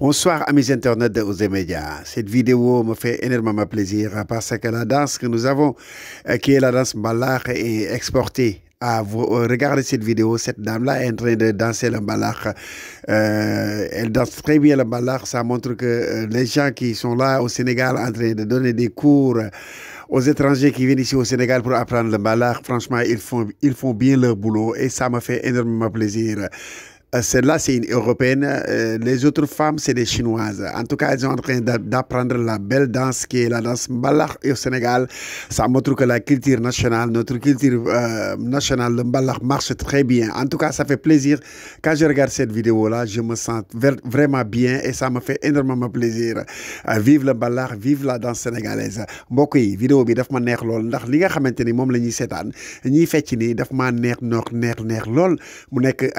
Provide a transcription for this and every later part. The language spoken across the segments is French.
Bonsoir amis internautes de aux médias. Cette vidéo me fait énormément plaisir parce que la danse que nous avons, euh, qui est la danse Mbalak, est exportée à vous euh, cette vidéo. Cette dame-là est en train de danser le Mbalak. Euh, elle danse très bien le Mbalak, Ça montre que les gens qui sont là au Sénégal en train de donner des cours aux étrangers qui viennent ici au Sénégal pour apprendre le Mbalak, franchement, ils font, ils font bien leur boulot et ça me fait énormément plaisir. Euh, celle-là, c'est une européenne. Euh, les autres femmes, c'est des chinoises. En tout cas, elles sont en train d'apprendre la belle danse qui est la danse mbalak au Sénégal. Ça montre que la culture nationale, notre culture euh, nationale, le mbalak marche très bien. En tout cas, ça fait plaisir. Quand je regarde cette vidéo-là, je me sens vraiment bien et ça me fait énormément plaisir. vive le mbalak, vive la danse sénégalaise. beaucoup de vidéo bi daf ma lool li nga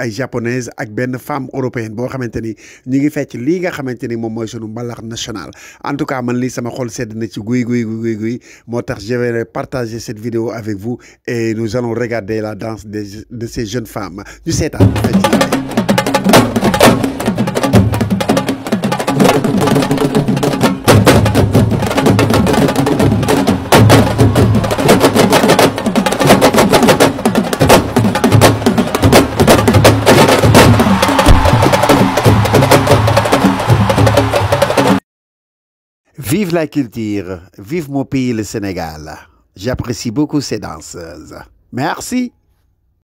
japonaise ak Benne femme européenne bo xamanteni ni ñu ngi fecc li nga xamanteni ni moy sunu mbalax national en tout cas man li sama xol sedd na ci guuy guuy guuy guuy motax je vais partager cette vidéo avec vous et nous allons regarder la danse de de ces jeunes femmes ñu seetaan Vive la culture, vive mon pays le Sénégal. J'apprécie beaucoup ces danseuses. Merci.